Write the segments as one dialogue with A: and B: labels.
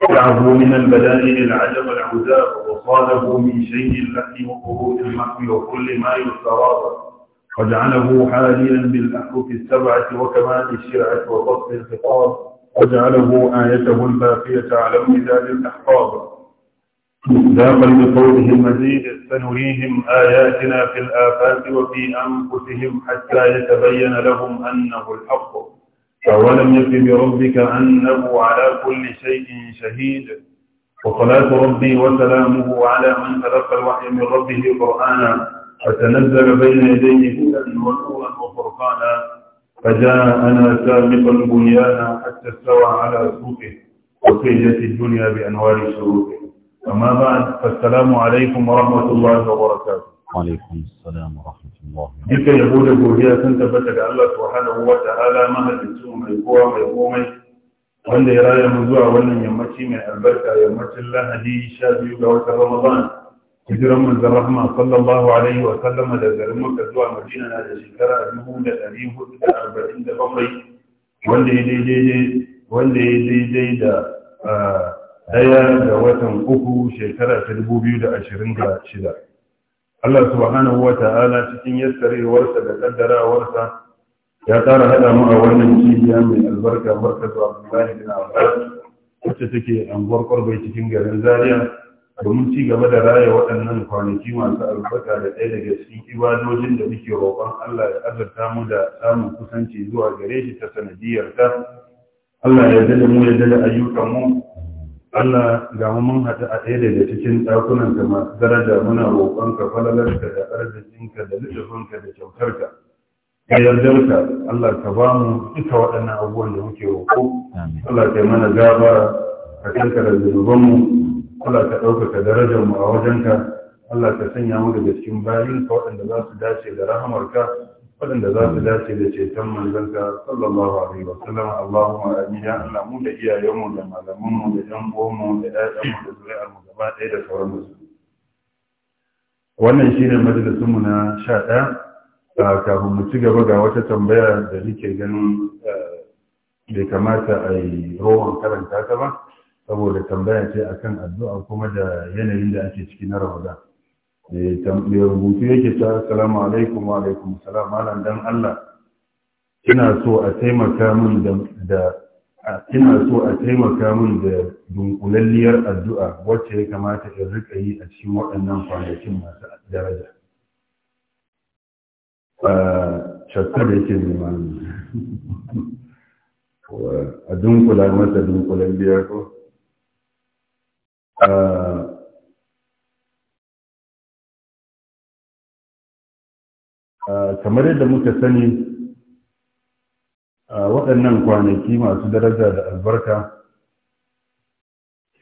A: دعه من البدائل العجب العذاب وصاله من شيء اللحم وقبول المحو وكل ما يستراب وجعله حاليا بالأحرف السبعة وكمال الشرعة وفصل الخطاب وجعله آيته الباقية على امتداد الأحقاب مصداقا بقوله المزيد سنريهم آياتنا في الآفاق وفي أنفسهم حتى يتبين لهم أنه الحق
B: أولم يكن بربك أنه
A: على كل شيء شهيد وصلاة ربي وسلامه على من تلقى الوحي من ربه قرآنا فتنزل بين يديه هدى ونورا وفرقانا فجاءنا سابقا بنيانا حتى استوى على سوقه وسيجت الدنيا بأنوار شروطه أما بعد فالسلام عليكم ورحمة الله وبركاته وعليكم السلام ورحمة الله ديك يهود جوريا سنت بتك الله سبحانه وتعالى ما هل من يقوى من يقوى من يقوى من يرى يمزوع ولن من البركة يمتي الله هدي شاب يوغا رمضان كثير من ذر رحمة صلى الله عليه وسلم ذا ذر مكة دوا مدينة هذا شكرا أبنه من الأبيه هدى أربعين ذا بمري ولي دي دي دي ولي دي دا أيام آه، ذا أكو شكرا تدبو بيو Allah subhanahu wa ta'ala cikin yaskarewarsa da kaddarawarsa ya tsara haɗa mu a wannan cibiya mai albarka barkatu
B: Abdullahi bin Abbas wacce
A: take anguwar bai cikin garin Zaria domin ci gaba da raya waɗannan kwanaki masu albarka da ɗaya daga cikin ibadojin da muke roƙon Allah ya azurta mu da samun kusanci zuwa gare shi ta sanadiyar ta Allah ya dada mu ya dada ayyukan mu Allah ga mun haɗu a ɗaya daga cikin ɗakunan ka masu daraja muna roƙon ka falalarka da arzikinka da littafinka da kyautarka da yardarka Allah ka ba mu duka waɗannan abubuwan da muke roƙo Allah ka yi mana gaba. ka kankara zunubanmu Allah ka ɗaukaka darajar mu a wajenka Allah ka sanya mu daga cikin bayan ka waɗanda za su dace da rahamarka waɗanda za su dace da ceton manzanka sallallahu alaihi wa sallam Allahumma amin ya Allah mu da iyayenmu da malamanmu da ƴan uwanmu da ƴaƴanmu da zuri'armu gaba ɗaya da sauran su wannan shine majalisun mu na 11 kafin mu ci gaba ga wata tambaya da nake ganin eh, bai kamata a yi rowan karanta ta ba saboda tambaya ce akan addu'a kuma da yanayin da ake ciki na Ramadan Eh, mai rubutu yake ta salamu alaikum wa alaikum salam malam dan Allah ina so a taimaka min da ina so a taimaka min da dunkulalliyar addu'a wacce ya kamata in rika yi a cikin waɗannan kwanakin masu daraja ah, shakka da yake nema a dunkula masa dunkulalliyar ko
B: ah, Eh, kamar yadda muka sani eh, waɗannan kwanaki masu daraja da albarka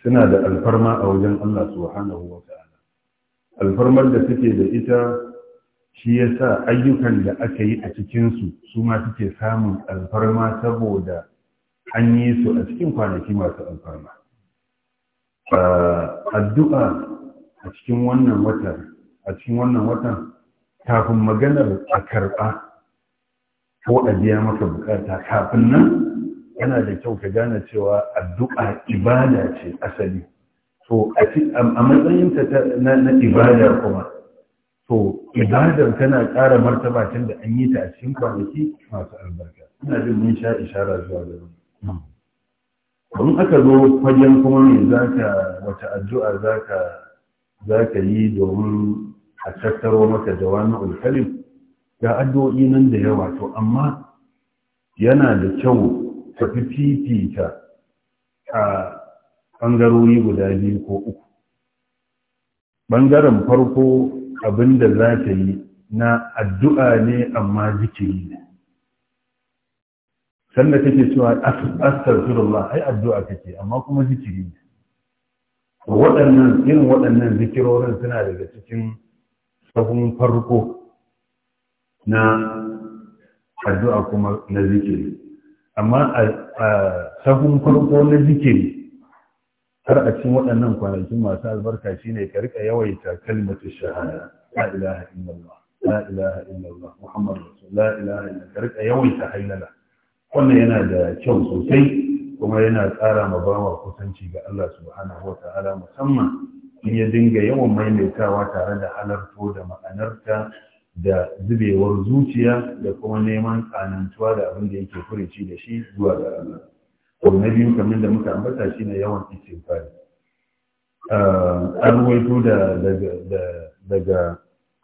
A: suna da alfarma a wajen Allah subhanahu wa ta'ala alfarmar da suke da ita shi ya sa ayyukan da aka yi a cikinsu su ma suke samun alfarma saboda an yi su a cikin kwanaki masu alfarma eh, addu'a a cikin wannan watan kafin maganar a karɓa ko a biya maka bukata kafin nan yana da kyau ka gane cewa addu'a ibada ce asali to a matsayinta na ibada kuma to ibadar tana ƙara martaba tun da an yi ta a cikin kwanaki masu albarka ina jin mun sha ishara zuwa da wani don aka zo fagen kuma ne zaka wata addu'a zaka zaka yi domin a tattaro da wani alkalin ga addu'o'i nan da yawa to amma yana da kyau ka fi fifita a ɓangarori guda biyu ko uku ɓangaren farko abin da za ta yi na addu'a ne amma zikiri ne sanda kake cewa astaghfirullah ai addu'a kake amma kuma zikiri ne waɗannan irin waɗannan zikirorin suna daga cikin sahun farko na addu'a kuma na zikiri amma a sahun farko na zikiri har a cikin waɗannan kwanakin masu albarka shine ka rika yawaita kalmatu shahada la ilaha illallah la ilaha illallah muhammad rasul la ilaha illallah ka rika yawaita hailala wannan yana da kyau sosai kuma yana ƙara ma bawa kusanci ga Allah subhanahu wa ta'ala musamman in ya dinga yawan maimaitawa tare da halarto da ma'anarta da zubewar zuciya da kuma neman kanantuwa da abin da yake furici da shi zuwa ga Allah. Ko na biyu kamar da muka ambata shi ne yawan istighfari. Ah, an ruwaito da daga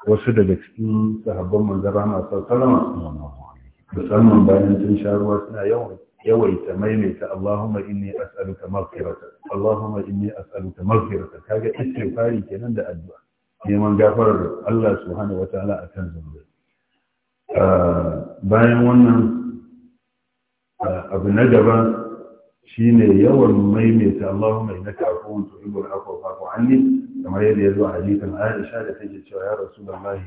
A: wasu daga cikin sahabban manzara masu sallama musamman bayan sun sha ruwa suna yawan yawaita maimaita Allahumma inni as'aluka maghfirata Allahumma inni as'aluka maghfirata kaga istighfari kenan da addu'a neman gafarar Allah subhanahu wataala akan zunubi ah, bayan wannan ah, abu na gaba shine yawan maimaita Allahumma innaka afuwun tuhibbul afwa fa'fu anni kamar yadda ya zo a hadisin Aisha da take cewa ya Rasulullahi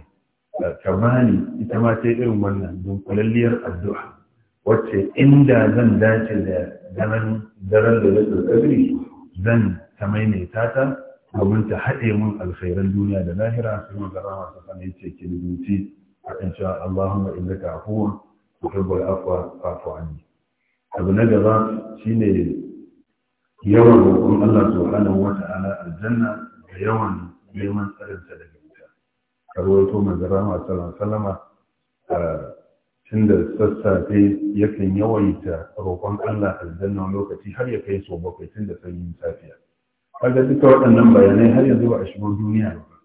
A: ka bani ita ma ta irin wannan dunkulalliyar addu'a wacce inda zan dace da daren daren da zai kadri zan ta maimaita ta domin ta haɗe mun alkhairan duniya da lahira sai mun garama ta sanin yace ki rubuci a kan cewa Allahumma innaka afuwun tuhibbul afwa fa'fu anni abu na gaba shine yawan roƙon Allah subhanahu wa ta'ala aljanna da yawan neman tsarinsa daga wuta. to manzara masu sallama tunda sassafe yakan yawaita roƙon Allah aljanna lokaci har ya kai so bakwai tun da sanyin safiya kaga duka waɗannan bayanai har yanzu ba a shigo duniya ba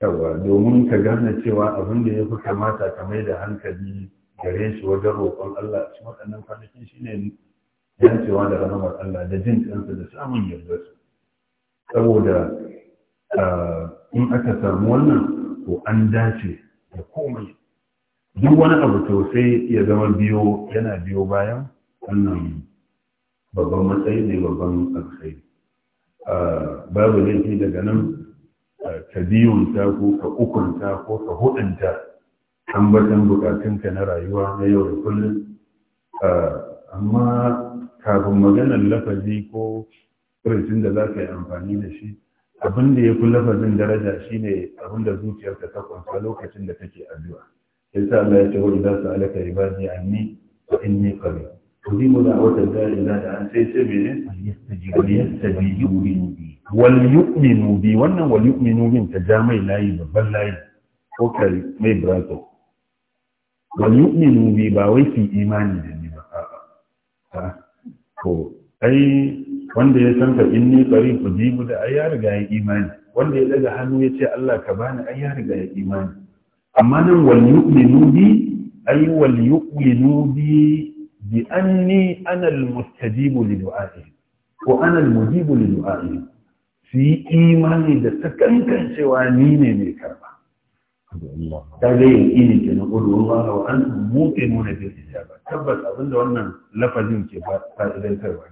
A: yawa domin ka gane cewa abin da ya fi kamata ka mai da hankali gare shi wajen roƙon Allah cikin waɗannan kwanaki shine yancewa da ranar Allah da jin kansa da samun yanzu. saboda ah, in aka samu wannan to an dace da komai duk wani abu tausayi ya zama biyo yana biyo bayan wannan babban matsayi ne babban alkhairi babu laifi daga nan ka biyunta ko ka ukunta ko ka hudunta tambatan bukatunka na rayuwa na yau da kullum amma kafin maganar lafazi ko furucin da za ka yi amfani da shi abin da ya fi lafazin daraja shine abin da zuciyarka ta kwanta lokacin da take addu'a yasa Allah ya ce wa idza sa'alaka ibadi anni fa inni qarib ujibu da'wata da'i ila da an sai sai mene yastajibu yastajibu bi wal yu'minu bi wannan wal yu'minu bin ta ja mai layi babban layi ko kari mai brazo wal yu'minu bi ba wai fi imani da ni ba a'a ai wanda ya san ka inni qarib ujibu da ai riga ya imani wanda ya daga hannu ya ce Allah ka bani ai riga ya imani amma nan wal yu'minu bi ai wal bi bi anni ana al li du'a'i ko ana al li du'a'i su imani da sakankan cewa ni ne mai karba ta ga yin ini ke na ƙudu Allah wa an muke tabbas abinda wannan lafazin ke fa'idantarwa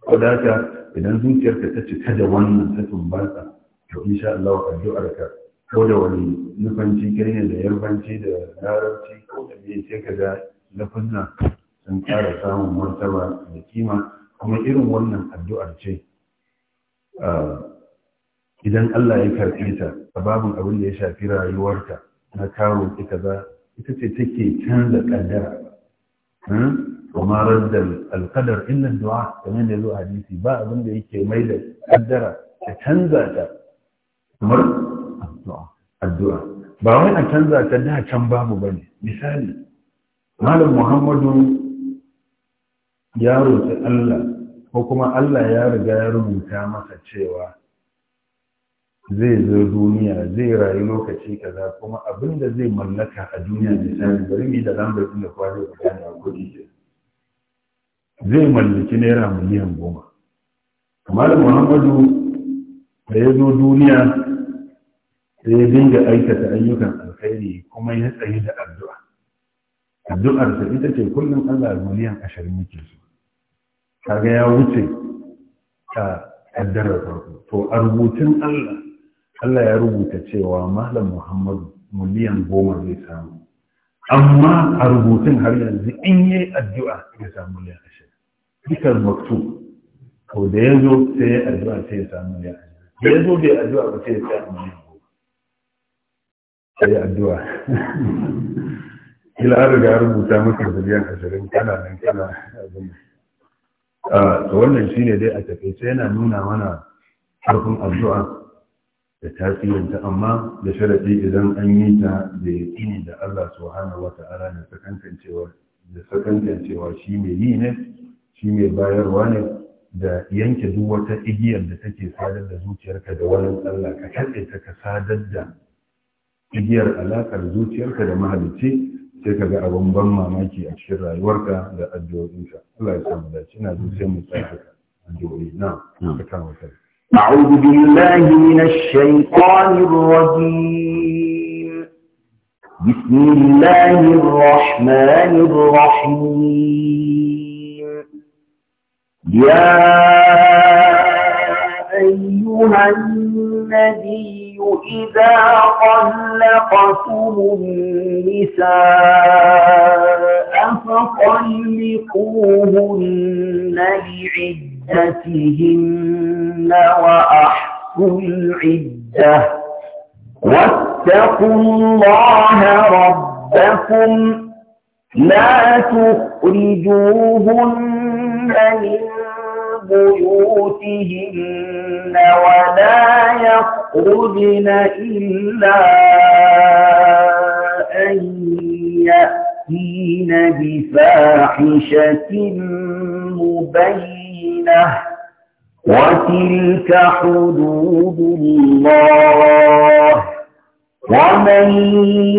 A: ko da haka idan zuciyarka ta cika da wannan ta tumbata to insha Allah addu'arka ko da wani nufanci kirya da yarbanci da larabci ko da ne sai ka ga lafazza sun ƙara samun martaba da kima kuma irin wannan addu'ar ce idan Allah ya karɓe ta a babin abin da ya shafi rayuwarka na karo ita za ita ce take canza kaddara Kuma hmm? ma raddal illan illa du'a kamar da zo hadisi ba abin da yake mai da ƙaddara ta canza ta kamar addu'a ba wai a canza ta da can babu ba ne misali malam muhammadu ya roƙi allah ko kuma allah ya riga ya rubuta masa cewa zai zo duniya zai rayu lokaci kaza kuma abin da zai mallaka a duniya misali bari mi da lambar inda kwaje ku fita da kuɗi ke zai mallaki naira miliyan goma malam muhammadu da ya zo duniya sai ya dinga aikata ayyukan alkhairi kuma ya tsayi da addu'a Addu'ar sa ita ce kullum Allah miliyan ashirin yake so kaga ya wuce ta kaddarar farko to a rubutun Allah Allah ya rubuta cewa malam Muhammadu miliyan goma zai samu amma a rubutun har yanzu in yi addu'a ya samu miliyan ashirin dukkan maktu to da ya zo sai ya addu'a sai ya samu miliyan ashirin da ya zo bai addu'a ba sai ya samu miliyan a yi addu'a
B: kila an riga rubuta maka miliyan
A: ashirin kana nan kana abin ah, to wannan shine dai a takaice yana nuna mana harkun addu'a da tasirinta amma da sharaɗi idan an yi ta da yaƙini da Allah subhanahu wa ta'ala sakantancewa sakankancewa da sakantancewa shi mai yi ne shi mai bayarwa ne da yanke duk wata igiyar da take sadar da zuciyarka da wani Allah ka kalle ta ka sadar da igiyar alaƙar zuciyarka da mahalicci sai ka ga abin ban mamaki a cikin rayuwarka da addu'o'inka Allah ya samu dace ina zo sai mu tsaya addu'o'i na
B: ka kama kai أعوذ بالله من الشيطان الرجيم بسم الله الرحمن الرحيم يا أيها النبي إذا طلقتم النساء فطلقوهن لعدتهن وأحصوا العدة واتقوا الله ربكم لا تخرجوهن من بيوتهن ولا يخرجن إلا أن يأتين بفاحشة مبينة وتلك حدود الله ومن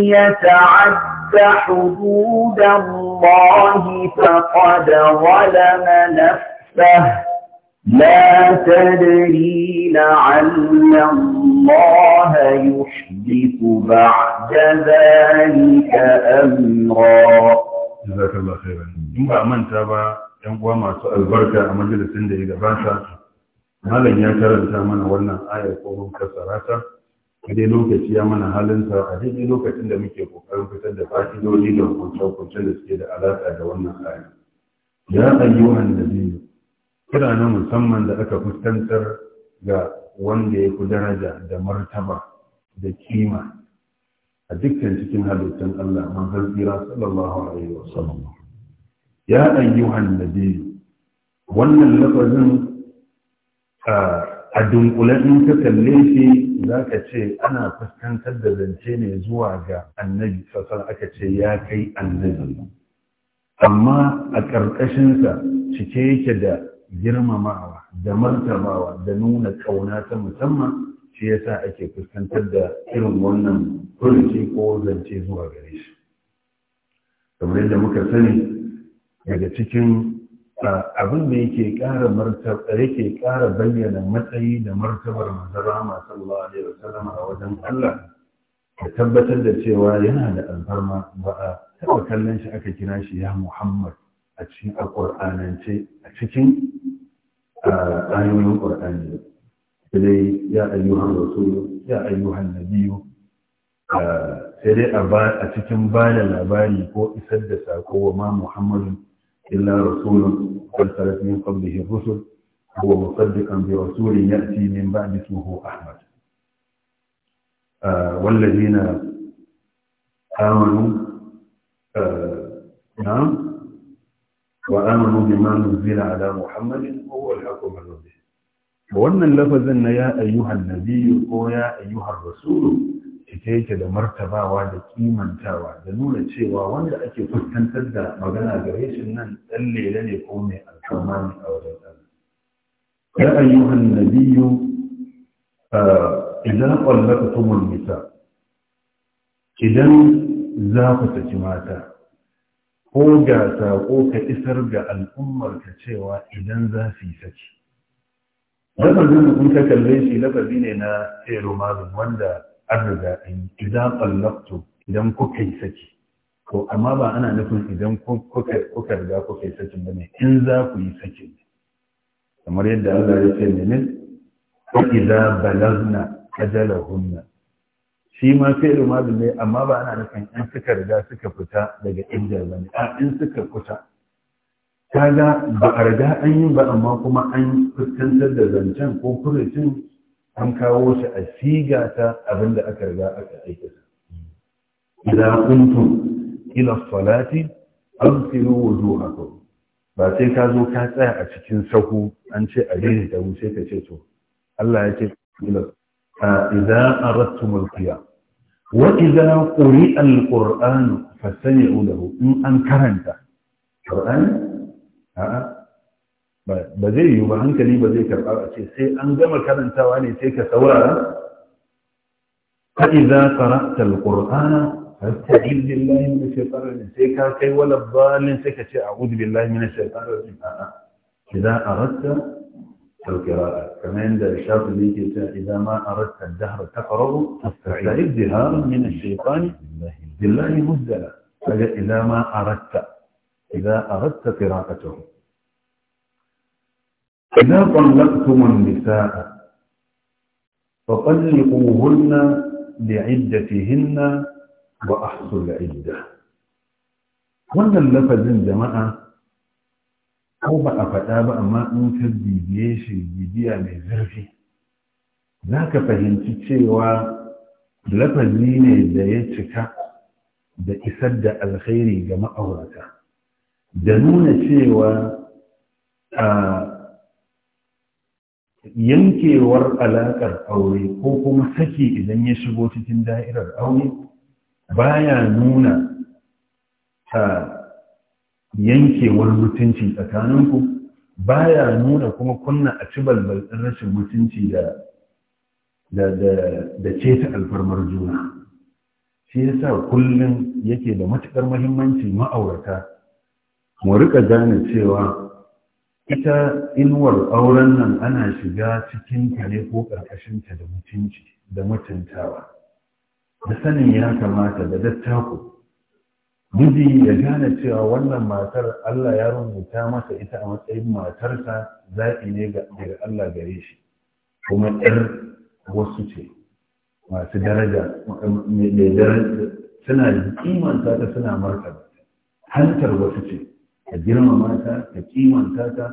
B: يتعد حدود الله فقد ظلم نفسه لا تدري لعل الله يحدث بعد ذلك أمرا جزاك
A: الله خيرا إن أمنت با ‘yan uwa masu albarka a majalisin da ya gabata malam ya karanta mana wannan ayar kohon kasarata dai lokaci ya mana halinsa a daidai lokacin da muke kokarin fitar da fa'idodi da hukunce-hukuncen da suke da alaƙa da wannan ayar ya ayyuhan da biyu kira na musamman da aka fuskantar ga wanda ya fi daraja da martaba da kima a dukkan cikin halittun Allah manzon tsira sallallahu alaihi wa sallam ya ayyuhan nabi wannan lafazin a dunkule in ka kalle shi za ka ce ana fuskantar da zance ne zuwa ga annabi sassan aka ce ya kai annabi amma a ƙarƙashinsa cike yake da girmamawa da martabawa da nuna ƙauna ta musamman shi yasa ake fuskantar da irin wannan furuci ko zance zuwa gare shi kamar yadda muka sani daga cikin abin da yake ƙara martaba yake ƙara bayyana matsayi da martabar manzara sallallahu alaihi wasallam a wajen Allah ka tabbatar da cewa yana da alfarma ba a taɓa kallon shi aka kira shi ya Muhammad a cikin alƙur'anance a cikin ayoyin ƙur'ani sai dai ya ayyuhan rasulu ya ayyuhan nabiyu sai dai a cikin ba da labari ko isar da sako wa ma muhammadu illa rasulun kalsarat min qablihi rusul huwa musaddiqan bi rasulin ya'ti min ba'di ismihi ahmad والذين آمنوا نعم وآمنوا بما نزل على محمد وهو الحق من ربهم wannan lafazin na ya ayyuhan nabiyyu ko ya rasulu ita yake da martabawa da kimantawa da nuna cewa wanda ake fuskantar da magana gare shi nan dan lele ne ko mai alkama ne a wajen Allah ya ayyuhan nabiyyu idan qallaqtumul nisa idan za ku saki mata ko ga saƙo ka isar ga al'ummar ka cewa idan za su yi saki
B: lafazin in ka kalle shi
A: lafazi ne na eromarin wanda an riga an idan idan kuka yi saki ko amma ba ana nufin idan kuka riga kuka yi sakin ba ne in za ku yi sakin kamar yadda Allah ya ce ne ne ko idza balazna ajalahunna shi ma fi'il madi ne amma ba ana nufin in suka riga suka fita daga inda ba ne a in suka fita kaga ba a riga an yi ba amma kuma an fuskantar da zancen ko furucin an kawo shi a siga ta abin da aka riga aka aikata idan kuntum ila salati amsilu wujuhakum ba sai ka zo ka tsaya a cikin sahu an ce a daidai da wuce ka ce to Allah ya ce ila idan aradtum al-qiyam wa idza quri'a al-qur'an fastami'u lahu in an karanta qur'ani a'a ba zai yi ba hankali ba zai karɓa a ce sai an gama karantawa ne sai ka saurara fa idza qara'ta al-qur'ana fasta'iz billahi min ash-shaytanir rajim sai ka kai wala balin sai ka ce a'udhu billahi min ash-shaytanir rajim a'a القراءة كما عند الشاطبي إذا ما أردت الدهر تقرب فاستعيذ من الشيطان بالله مزدلة إذا ما أردت إذا أردت قراءته إذا طلقتم النساء فطلقوهن لعدتهن وأحصوا العدة. وأن اللفظ جماعة ko ba a faɗa ba amma in ka bibiye shi bibiya mai zurfi za ka fahimci cewa lafazi ne da ya cika da isar da alkhairi ga ma'aurata da nuna cewa a yankewar alaƙar aure ko kuma saki idan ya shigo cikin da'irar aure baya nuna ta yankewar mutunci tsakaninku baya nuna kuma kunna a ci balbal ɗan rashin mutunci da da ce ta alfarmar juna shi yasa kullum yake da matuƙar muhimmanci ma'aurata mu rika gane cewa ita inuwar auren nan ana shiga cikin ne ko ƙarƙashinta da mutunci da mutuntawa da sanin ya kamata da dattako miji ya gane cewa wannan matar Allah ya rubuta masa ita a matsayin matarsa zaɓi ne daga Allah gare shi kuma ‘yar wasu ce masu daraja suna kimanta ta suna martaba hantar wasu ce ka girmama ta ka kimanta ta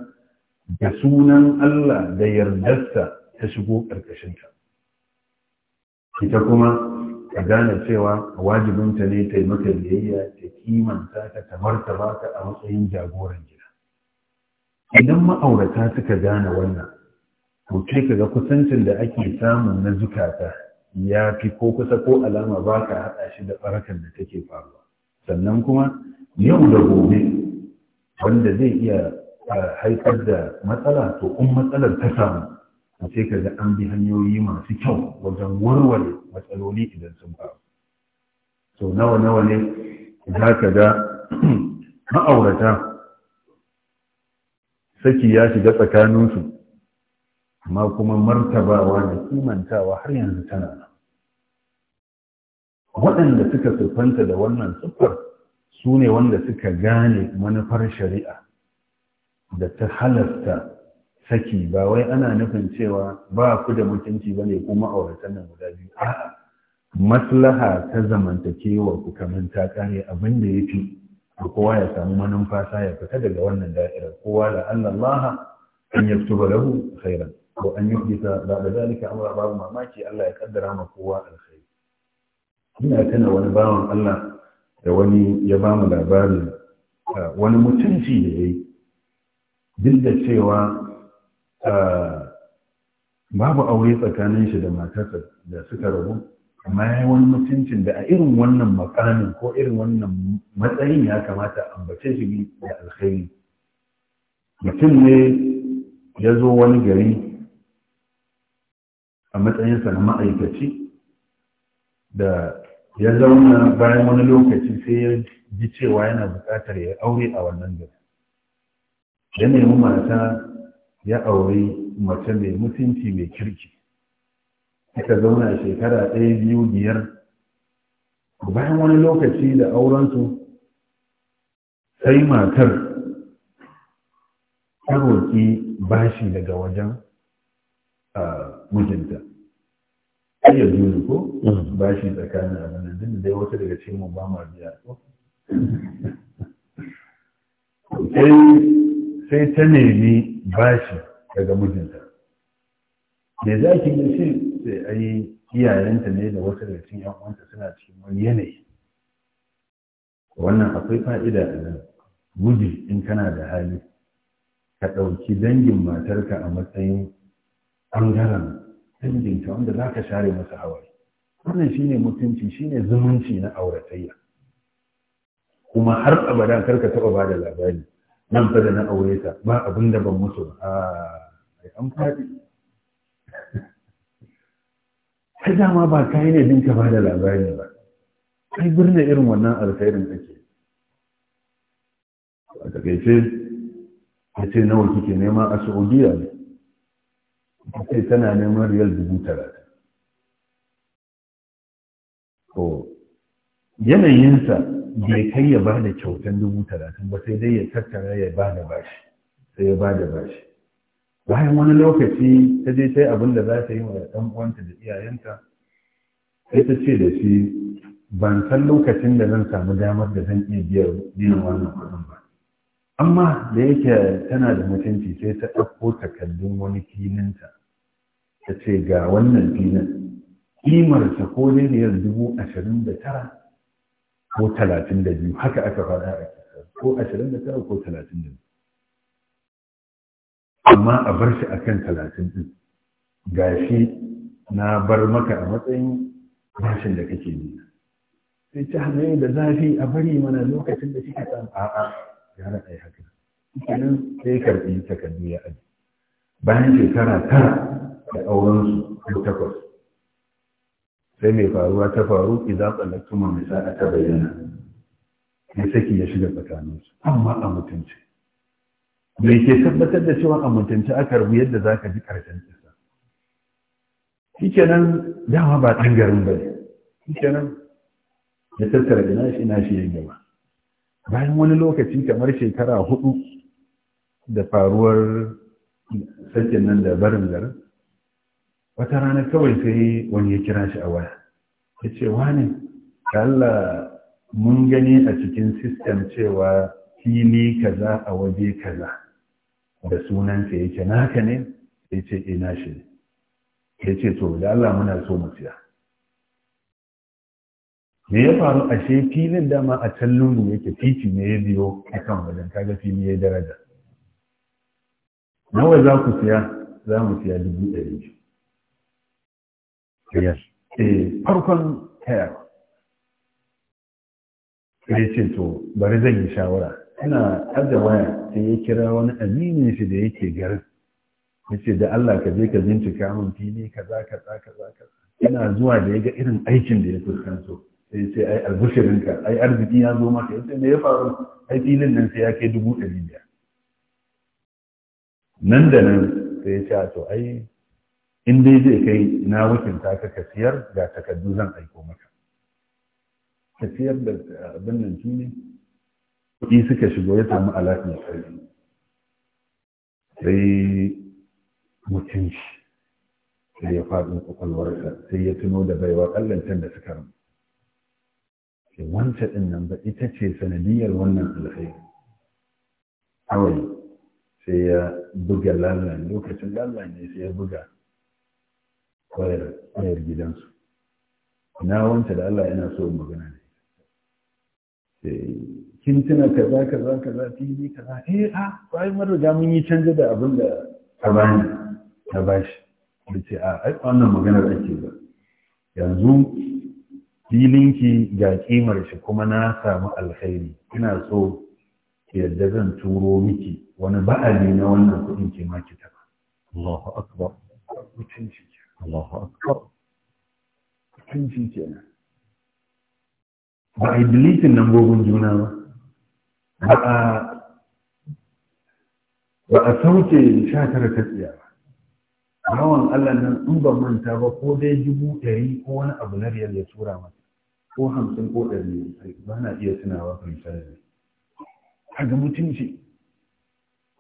A: da sunan Allah da yardarsa ta shigo ƙarƙashinta ita kuma ka gane cewa wajibinta ne ta yi maka biyayya ta kimanta ka ta martaba ka a matsayin jagoran gida idan ma'aurata suka gane wannan to kai ka ga kusancin da ake samu na zukata ya fi ko kusa ko alama ba ka haɗa shi da barakar da take faruwa sannan kuma yau da gobe wanda zai iya eh, haifar da matsala to in matsalar ta samu A sai ka ga an bi hanyoyi masu kyau wajen warware matsaloli idan sun faru so nawa nawa ne za ka ga ma'aurata saki ya shiga tsakaninsu amma kuma martabawa da kimantawa har yanzu tana nan waɗanda suka siffanta da wannan siffar su ne wanda suka gane manufar shari'a da ta halasta saki ba wai ana nufin cewa ba ku da mutunci ba ne kuma auratan nan guda biyu a maslaha ta zamantakewa ku kamar ta kare abin da ya fi kowa ya samu manumfasa ya fita daga wannan da'irar kowa la Allah an yaktuba lahu khairan ko an yuhdisa ba da zalika amra babu mamaki Allah ya kaddara ma kowa alkhairi ina tana wani bawan Allah da wani ya ba mu labarin ah, wani mutunci da yayi duk cewa Eh, babu aure tsakanin shi da matarsa da suka rabu amma ya yi wani mutuncin da a irin wannan makamin ko irin wannan matsayin ya kamata ambace shi da alkhairi mutum ne ya zo wani gari a matsayinsa na ma'aikaci da ya zauna bayan wani lokaci sai ya ji cewa yana buƙatar ya aure a wannan gari ya nemi mata ya auri mace mai mutunci mai kirki Kika zauna shekara ɗaya biyu biyar bayan wani lokaci da aurensu sai matar ta roƙi bashi daga wajen mijinta sai ya juri ko mm. bashi tsakanin duk da dai wata daga cikin mu ba ma biya sai sai ta nemi bashi daga mijinta me za ki yi shi sai a yi iyayenta ne da wasu da cikin yan suna cikin wani yanayi wannan akwai fa'ida a nan guji in kana da hali ka ɗauki dangin matarka a matsayin ɓangaren danginta wanda za ka share masa hawaye wannan ne mutunci shi ne zumunci na auratayya kuma har abada karka taɓa ba da labari nan fa da na aure ta ba abin da ban mutu ba an faɗi ai dama ba kai ne din ka bada labari ba Kai birne irin wannan alkhairin take a takaice ya ce nawa kike nema a saudiya ne ta tana neman riyal dubu talatin to yanayinsa bai kai ya ba da kyautan dubu talatin ba sai dai ya tattara ya bada bashi sai ya ba bashi bayan wani lokaci ta je yi abin da za ta yi wa ɗan uwanta da iyayenta sai ta ce da shi ban san lokacin da zan samu damar da zan iya biyar biyan wannan kuɗin ba amma da yake tana da mutunci sai ta ɗauko takardun wani filinta ta ce ga wannan filin kimarsa ko dai da dubu ashirin da tara ko talatin da biyu haka aka faɗa a ko ashirin da tara ko talatin da biyu amma a bar shi kan talatin ɗin ga shi na bar maka a matsayin bashin da kake nuna sai ci hanyoyi da zafi a bari mana lokacin da shi ka samu a'a ya na ɗaya haka ikinin sai karɓi takardu ya aji bayan shekara tara da aurensu ko takwas sai mai faruwa ta faru idan tsallaktun sa'a ta bayyana ya saki ya shiga tsakaninsu amma a mutunci mai ke tabbatar da cewa a mutunci aka rubu yadda za ka ji ƙarshen kisa shi kenan dama ba ɗan garin ba ne shi kenan ya tattara ina shi ina shi ya gaba bayan wani lokaci kamar shekara hudu da faruwar sakin nan da barin garin wata rana kawai sai wani ya kira shi a waya ya ce wani kalla mun gani a cikin sistem cewa fili kaza a waje kaza da sunansa yake haka ne ya ce ina eh, shi ne ya ce to da Allah muna so mu siya me ya faru ashe filin dama a can lungu yake titi ne ya biyo a kan wajen kaga fili ya daraja nawa za ku siya za mu siya dubu ɗari biyu Eh, farkon tayarwa ya ce to bari zan yi shawara ina ajiye waya sai ya kira wani aminin shi da yake garin ya ce da Allah ka je ka bincika min fili ka za za ka za ka. ina zuwa da ya ga irin aikin da ya fuskanto sai ce ai albushirinka ai arziki ya zo maka yace me ya faru ai filin nan sai ya kai dubu ɗari biyar nan da nan sai ya ce to ai in dai zai kai na wakilta ta ka siyar ga takardu zan aiko maka ka da eh, abin nan ne kuɗi suka shigo ya samu alaƙin sarki sai mutunci sai ya faɗin kwakwalwarsa sai ya tuno da baiwa allancen da suka rabu sai wancan ɗin nan ba ita ce sanadiyar wannan alkhairi kawai sai ya buga lalani lokacin lalani ne sai ya buga wayar gidansu na wanta da Allah yana so magana ne eh, kin tuna kaza kaza kaza fili kaza eh a bai mun riga mun yi canje da abin da ta bani ta bashi da a ai wannan maganar ake ba yanzu filinki ga kimar shi kuma na samu alkhairi ina so yadda zan turo miki wani ba'ali na wannan kuɗin ke ma Allahu akbar mutunci Allahu akbar tun shi kenan ba a yi deletin nambobin juna ba ba a ba a sauke sha ta tsiya ba rawan Allah nan in ba manta ba ko dai dubu ɗari ko wani abu na riyal ya tura mata ko hamsin ko ɗari ba na iya tunawa kan misali kaga mutunci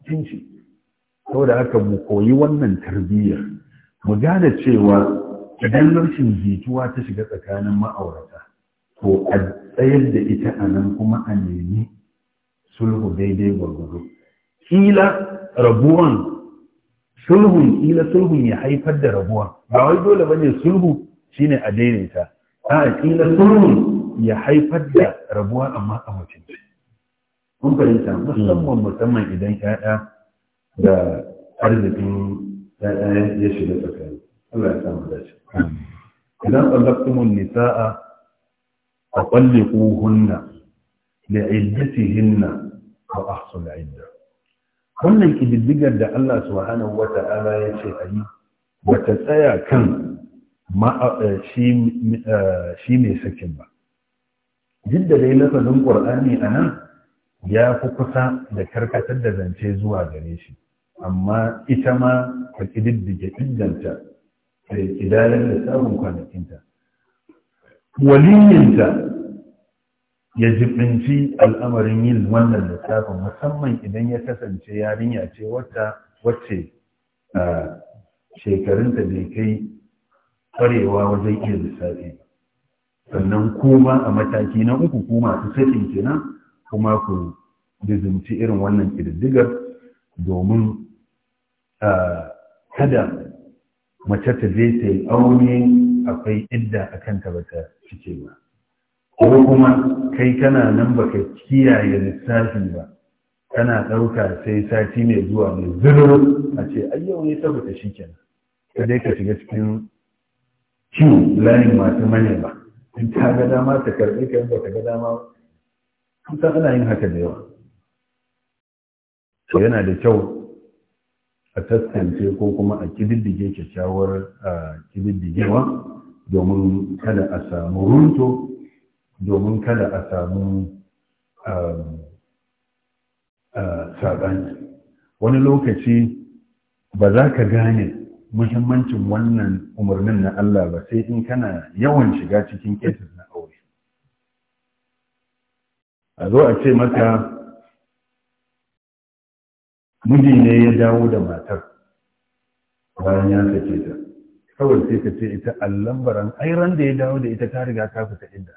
A: mutunci saboda haka mu koyi wannan tarbiyyar mu gane cewa idan rashin jituwa ta shiga tsakanin ma'aurata ko a tsayar da ita a nan kuma a nemi sulhu daidai gwargwado kila rabuwan sulhun kila sulhun ya haifar da rabuwan ba wai dole bane sulhu shine a daidaita a kila sulhun ya haifar da rabuwa amma a mutum kun fahimta musamman musamman idan 'ya'ya da arzikin ya'ya ya shiga tsakani Allah ya samu dace idan tsallaktumun nisa'a a kwalle kuhunna da iddatihinna wa ahsul idda wannan ƙididdigar da Allah subhanahu wata ta'ala ya ce a yi bata tsaya kan eh, eh, shi mai sakin ba duk da dai lafazin ƙur'ani a nan ya fi kusa da karkatar da zance zuwa gare shi amma ita ma ka ƙididdige inganta da ƙidalar da samun kwanakinta waliyinta ya jibinci al'amarin yin wannan littafin musamman idan ya kasance yarinya ce wata wacce shekarunta bai kai kwarewa wajen iya lissafi sannan kuma a mataki na uku kuma su sakin kenan kuma ku dizinci irin wannan ƙididdigar domin kada mace ta je ta yi aure akwai idda a kanta ba ta cike ba ko kuma kai kana nan baka kiyaye lissafi ba kana ɗauka sai sati mai zuwa mai zuru a ce ayyau ne tabbata shi kenan ka dai ka shiga cikin ciwo layin masu manya ba in ta ga dama ta karɓi ka ba ta ga dama kusan ana yin haka da yawa to yana da kyau a taskance ko kuma a kididdige kyakkyawar a kididdigewa domin kada a samu runto domin kada a samu um, saɓani wani lokaci ba za ka gane muhimmancin wannan umarnin na Allah ba sai in kana yawan shiga cikin kesis na aure a zo a ce maka miji ne ya dawo da matar bayan ya sake ta kawai sai ka ce ita allan baran ai ran da ya dawo da ita ta riga ta fita inda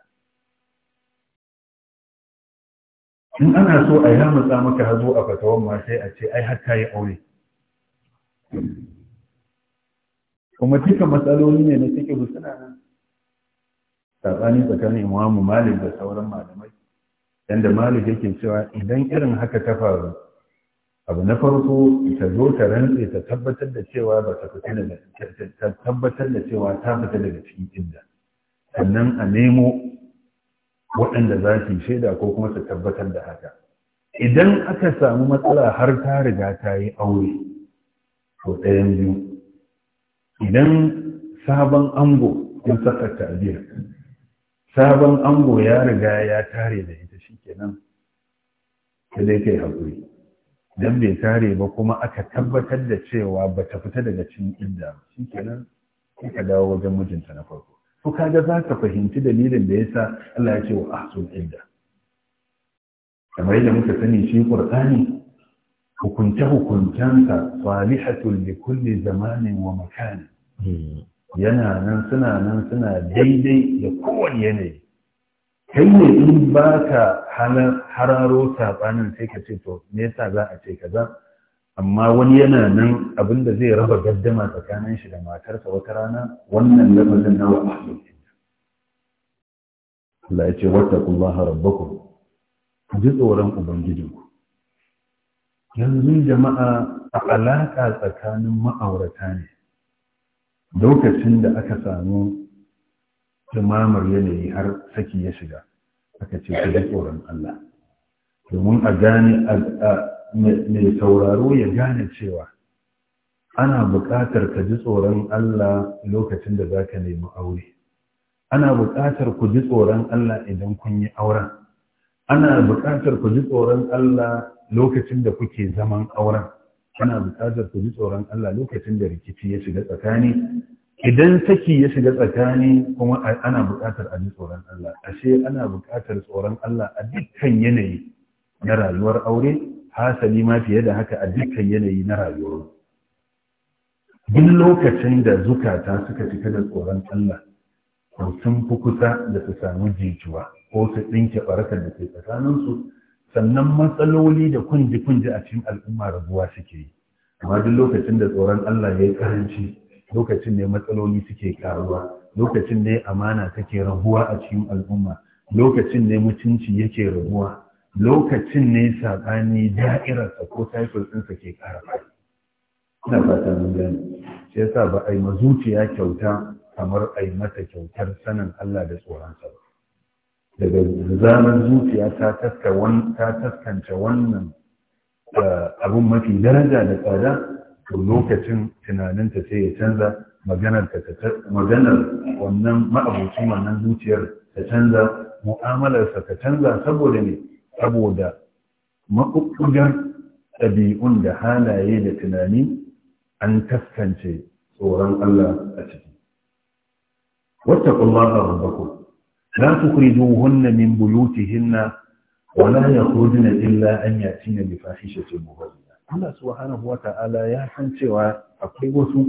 A: in ana so a yi matsa maka hazo a fatawan ma sai a ce ai har ta yi aure kuma cika matsaloli ne na cikin suna nan saɓani tsakanin imamu malik da sauran malamai yadda malik yake cewa idan irin haka ta faru abu na farko ta zo ta rantse ta tabbatar da cewa ba ta fita daga ta tabbatar da cewa ta fita daga cikin idda sannan a nemo waɗanda za su shaida ko kuma su tabbatar da haka idan aka samu matsala har ta riga ta yi aure to ɗayan biyu idan sabon ango ya saka tabiyar sabon ango ya riga ya tare da ita shikenan sai dai kai haƙuri dan bai tare ba kuma aka tabbatar da cewa ba ta fita daga cikin inda shi kenan sai ka dawo wajen mijinta na farko ko kaga za ka fahimci dalilin da yasa Allah ya ce wa ahsul idda kamar yadda muka sani shi qur'ani hukunce hukuntansa salihatul li kulli zamanin wa makan hmm. yana nan suna nan suna daidai da kowane yanayi kai ne in ba ka hararo saɓanin sai ka ce to me yasa za a ce kaza amma wani yana nan abin da zai raba gaddama tsakanin shi da matarsa wata rana wannan lamarin na wa Allah ya ce wata wattaqullaha ku. ji tsoron ubangijinku yanzu jama'a a alaƙa tsakanin ma'aurata ne lokacin da aka samu dumamar yanayi har saki ya shiga aka ce ku ji tsoron Allah domin a gane mai sauraro ya gane cewa ana buƙatar ka ji tsoron Allah lokacin da za ka nemi aure ana buƙatar ku ji tsoron Allah idan kun yi auren ana buƙatar ku ji tsoron Allah lokacin da kuke zaman auren ana buƙatar ku ji tsoron Allah lokacin da rikici ya shiga tsakani idan saki ya shiga tsakani kuma ana buƙatar a ji tsoron Allah ashe ana buƙatar tsoron Allah a dukkan yanayi na rayuwar aure hasali ma fiye da haka a dukkan yanayi na rayuwar duk lokacin da zukata suka cika da tsoron Allah ko sun fi kusa da su samu jijuwa ko su ɗinke ɓarakar da ke tsakaninsu sannan matsaloli da kunji-kunji a cikin al'umma rabuwa suke yi amma duk lokacin da tsoron Allah ya yi karanci lokacin ne matsaloli suke karuwa lokacin ne amana take rabuwa a cikin al'umma lokacin ne mutunci yake rabuwa lokacin ne saɓani da'irarsa ko taifin ɗinsa ke ƙara ina fata mun gani shi yasa ba a yi mazuciya kyauta kamar a yi mata kyautar sanin Allah da tsoronsa ba
B: daga zaman
A: zuciya ta taskanta wannan eh, abin mafi daraja da tsada to lokacin tunaninta sai ya canza maganar maganar wannan ma'abucin wannan zuciyar ta canza mu'amalarsa ta canza saboda ne saboda maƙuƙugar ɗabi'un da halaye da tunani an taskance tsoron Allah a ciki. Wata kuma a rabbaku, la su kuri hunna min buyutihinna wa la ya illa an yaci na bi fahishe ce mubayyana. Allah subhanahu wa ta'ala ya san cewa akwai wasu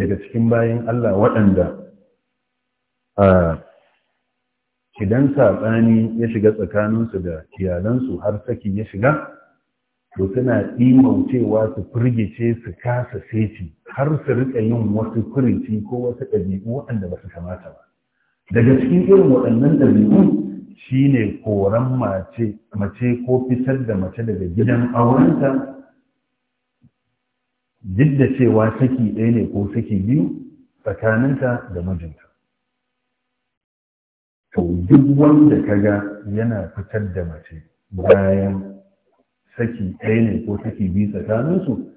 A: daga cikin bayan Allah waɗanda a kidan saɓani ya shiga tsakaninsu da kiyalansu har saki ya shiga to suna cewa su firgice su kasa seci har su riƙa yin wasu firgici ko wasu ɗabi'u waɗanda ba su kamata ba daga cikin irin waɗannan ɗabi'u shine koran mace mace ko fitar da mace daga gidan aurenta duk da cewa saki ɗaya ne ko saki biyu tsakaninta da mijinta to duk wanda ga yana fitar da mace bayan saki ɗaya ne ko saki biyu tsakaninsu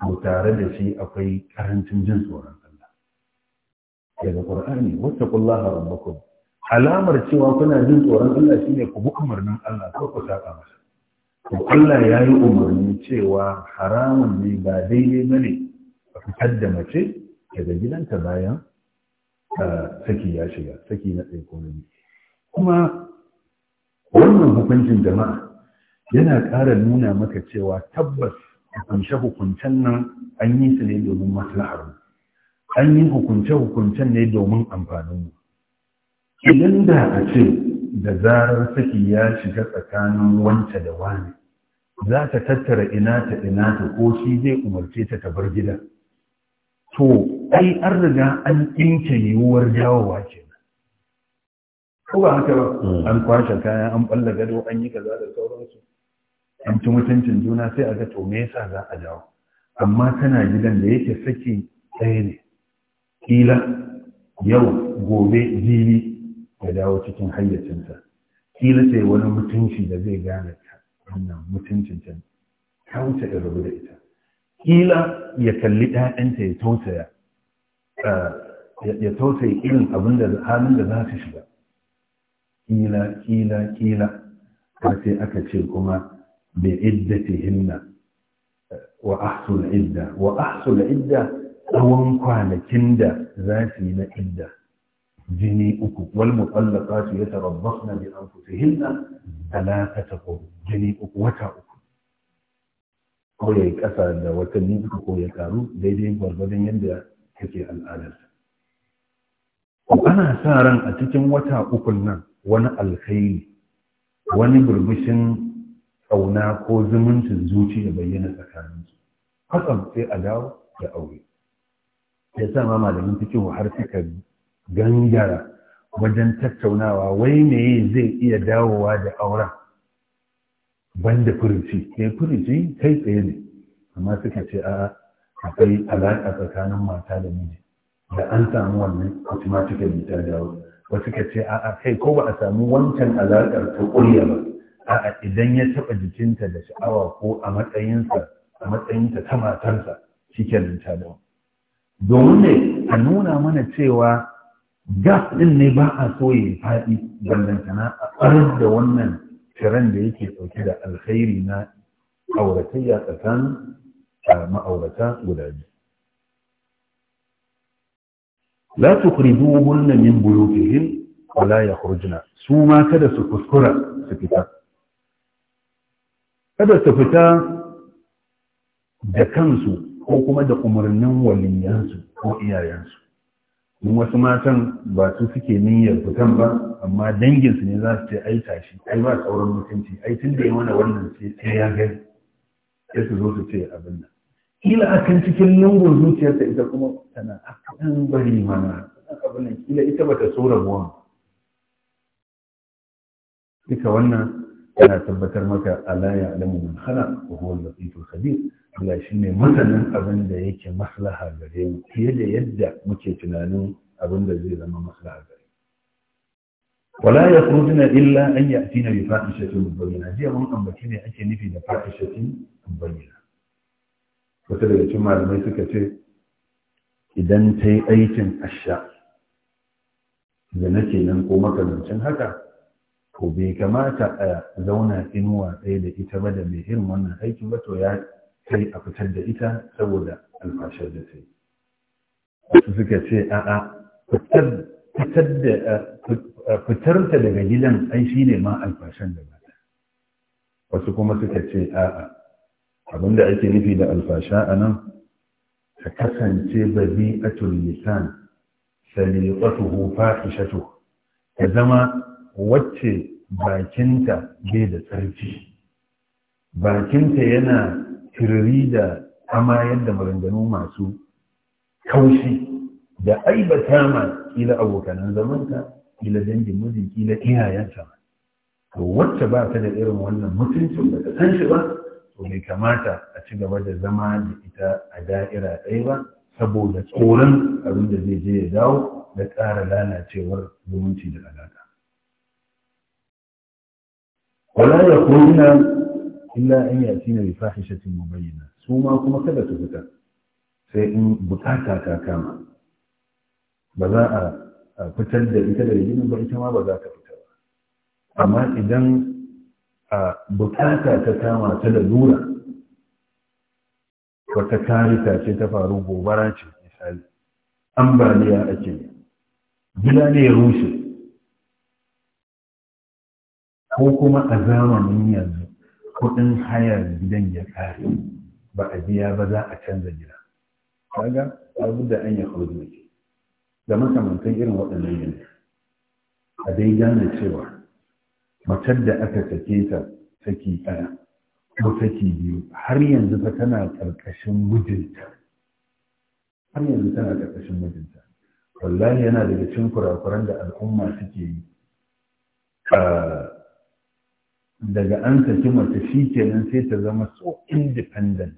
A: to tare da shi akwai karancin jin tsoron Allah daga ƙur'ani wata kullaha rabbakum alamar cewa kuna jin tsoron Allah shine ku bi umarnin Allah ko ku saba masa to Allah ya yi umarni cewa haramun ne ba daidai bane a fitar da mace daga gidanta bayan saki ya shiga saki na tsaye ko kuma wannan hukuncin jama'a yana ƙara nuna maka cewa tabbas hukunce-hukuncen nan an yi su ne domin maslahar an yi hukunce-hukuncen ne domin amfaninmu idan da a ce da zarar saki ya shiga tsakanin wance da wani za ta tattara ina ta ina ta ko shi zai umarce ta ta bar gida to ai an riga an ɗinke yiwuwar dawowa nan. ko ba haka ba hmm. an kwashe kaya an balla gado an yi kaza da sauransu an ci mutuncin juna sai a ga to me yasa za a dawo amma kana gidan da yake saki ɗaya ne kila yau gobe jibi ya dawo cikin hayyacinsa kila sai wani mutunci da zai gane wannan mutuncin can ta wuce in rabu da ita kila ya kalli ɗayanta ya tausaya eh, ya tausaya irin abin da halin da za su shiga kila kila kila har sai aka ce kuma bi iddatihinna eh, wa ahsul idda wa ahsul idda tsawon kwanakin da za su yi na idda jini uku wal mutallaqatu yatarabbasna bi anfusihinna thalathata quru jini uku wata uku ko yayi kasa da watanni uku ko ya karu daidai gwargwadon yadda take al'adar ana sa ran a cikin wata ukun nan wani alkhairi wani burbushin ƙauna ko zumuncin zuciya bayyana tsakaninsu hakan sai a dawo da aure ya sa ma malamin cikin har suka gangara wajen tattaunawa wai meye zai iya dawowa da auren banda furuci kai eh, furuci kai tsaye ne amma suka ce a akwai alaƙa tsakanin mata da miji da an samu wannan automatically ta dawo wasu suka ce a'a kai ko ba a samu wancan alaƙar ta ƙurya ba a'a idan ya taɓa jikinta da sha'awa ko a matsayinsa a matsayinta ta matarsa shi ke ta dawo domin ne a nuna mana cewa gas ɗin ne ba a so ya faɗi kana a tsarin da wannan tiran da yake ɗauke da alkhairi na auratayya tsakanin ma'aurata guda biyu la tukhrijuhunna min buyutihin wa ya kurjina su ma kada su kuskura su fita kada su fita da kansu ko kuma da umarnin waliyansu ko iyayensu in wasu matan ba su suke niyyar fitan ba amma danginsu ne za su ce ai tashi ai ba sauran mutunci ai tun da ya mana wannan ce sai ya gani sai su zo su ce abin nan kila akan cikin lungun zuciyarta ita kuma tana akan bari mana abin nan kila ita bata so rabuwa duka wannan yana tabbatar maka Alaya ya alamu min khala wa huwa al khabir Allah shine masanin abin da yake maslaha gare mu fiye da yadda muke tunanin abin da zai zama maslaha gare mu wala yakhrujuna illa an ya'tina bi fahishatin mubayyana jiya mun ambaci ne ake nufi da fahishatin mubayyana wata daga cikin malamai suka ce idan ta yi aikin asha da nake nan ko makamancin haka ko bai kamata a zauna inuwa ɗaya da ita ba da mai irin wannan aikin ba to ya kai a fitar da ita saboda alfashar da ta yi wasu suka ce a'a fitar ta daga gidan ai shi ne ma alfashan da ba wasu kuma suka ce a'a abinda ake nufi da alfasha a nan ta kasance babi'atul lisan saliqatuhu fahishatu ta zama wacce bakinta bai da tsarki bakinta yana tiriri da amayar da maranganu masu kaushi da aibata ma kila abokanan zamanta ila dangin mijin kila iyayensa to wacce ba ta da irin wannan mutuncin ba ka san shi ba to bai kamata a ci gaba da zama da ita a da'ira ɗaya ba saboda tsoron abin da zai je ya dawo da ƙara lalacewar zumunci da alaƙa wala ya kurina illa an yati na bifahishatin mubayyana su ma kuma kada su fita sai in bukata ta kama ba za a fitar da ita da riginin ba itama ma ba za ta fita ba amma idan a bukata ta kama ta da lura wata karita ce ta faru gobara ce misali ambaliya ake gida ne ya rushe ko kuma a zamanin yanzu kuɗin hayar gidan ya kare ba a biya ba za a canza gida kaga abu da an yi kawo ne da makamantan irin waɗannan yanzu a dai gane cewa matar da aka sake ta saki ɗaya ko saki biyu har yanzu fa tana ƙarƙashin mijinta har yanzu tana ƙarƙashin mijinta wallahi yana daga cikin kurakuran da al'umma suke yi ah, daga an saki mace shi kenan sai ta zama so independent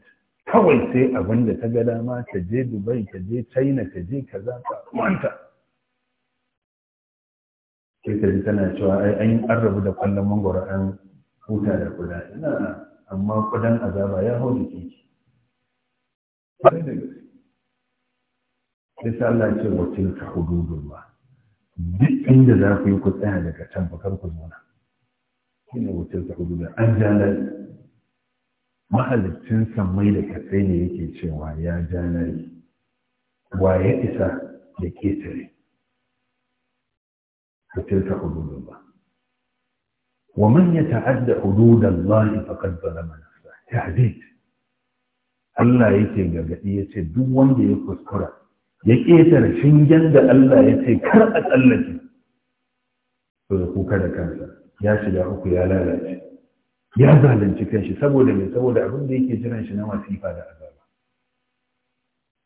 A: kawai sai abin da ta ga dama ta je dubai ta je china ta je kaza ta wanta sai ta ji tana cewa ai an yi rabu da kwallon mangoro an huta da kuda ina amma kudan azaba ya hau jiki sai sa Allah ce wa tilka hududullah duk inda za ku yi ku tsaya daga can bakar ku zauna shi ne ta hudu da an janar. mahalicin samai da katsai ne yake cewa ya janar wa ya isa ya ketare ta hudu ba wa man ya ta'adda hududan lahi faqad zalama nafsa tahdid Allah yake gargadi yace duk wanda ya kuskura ya ketare shingen da Allah yace kar a tsallake to kuka da kansa ya shiga uku ya lalace ya zalunci kanshi saboda mai saboda abin da yake jiran shi na wasifa da azaba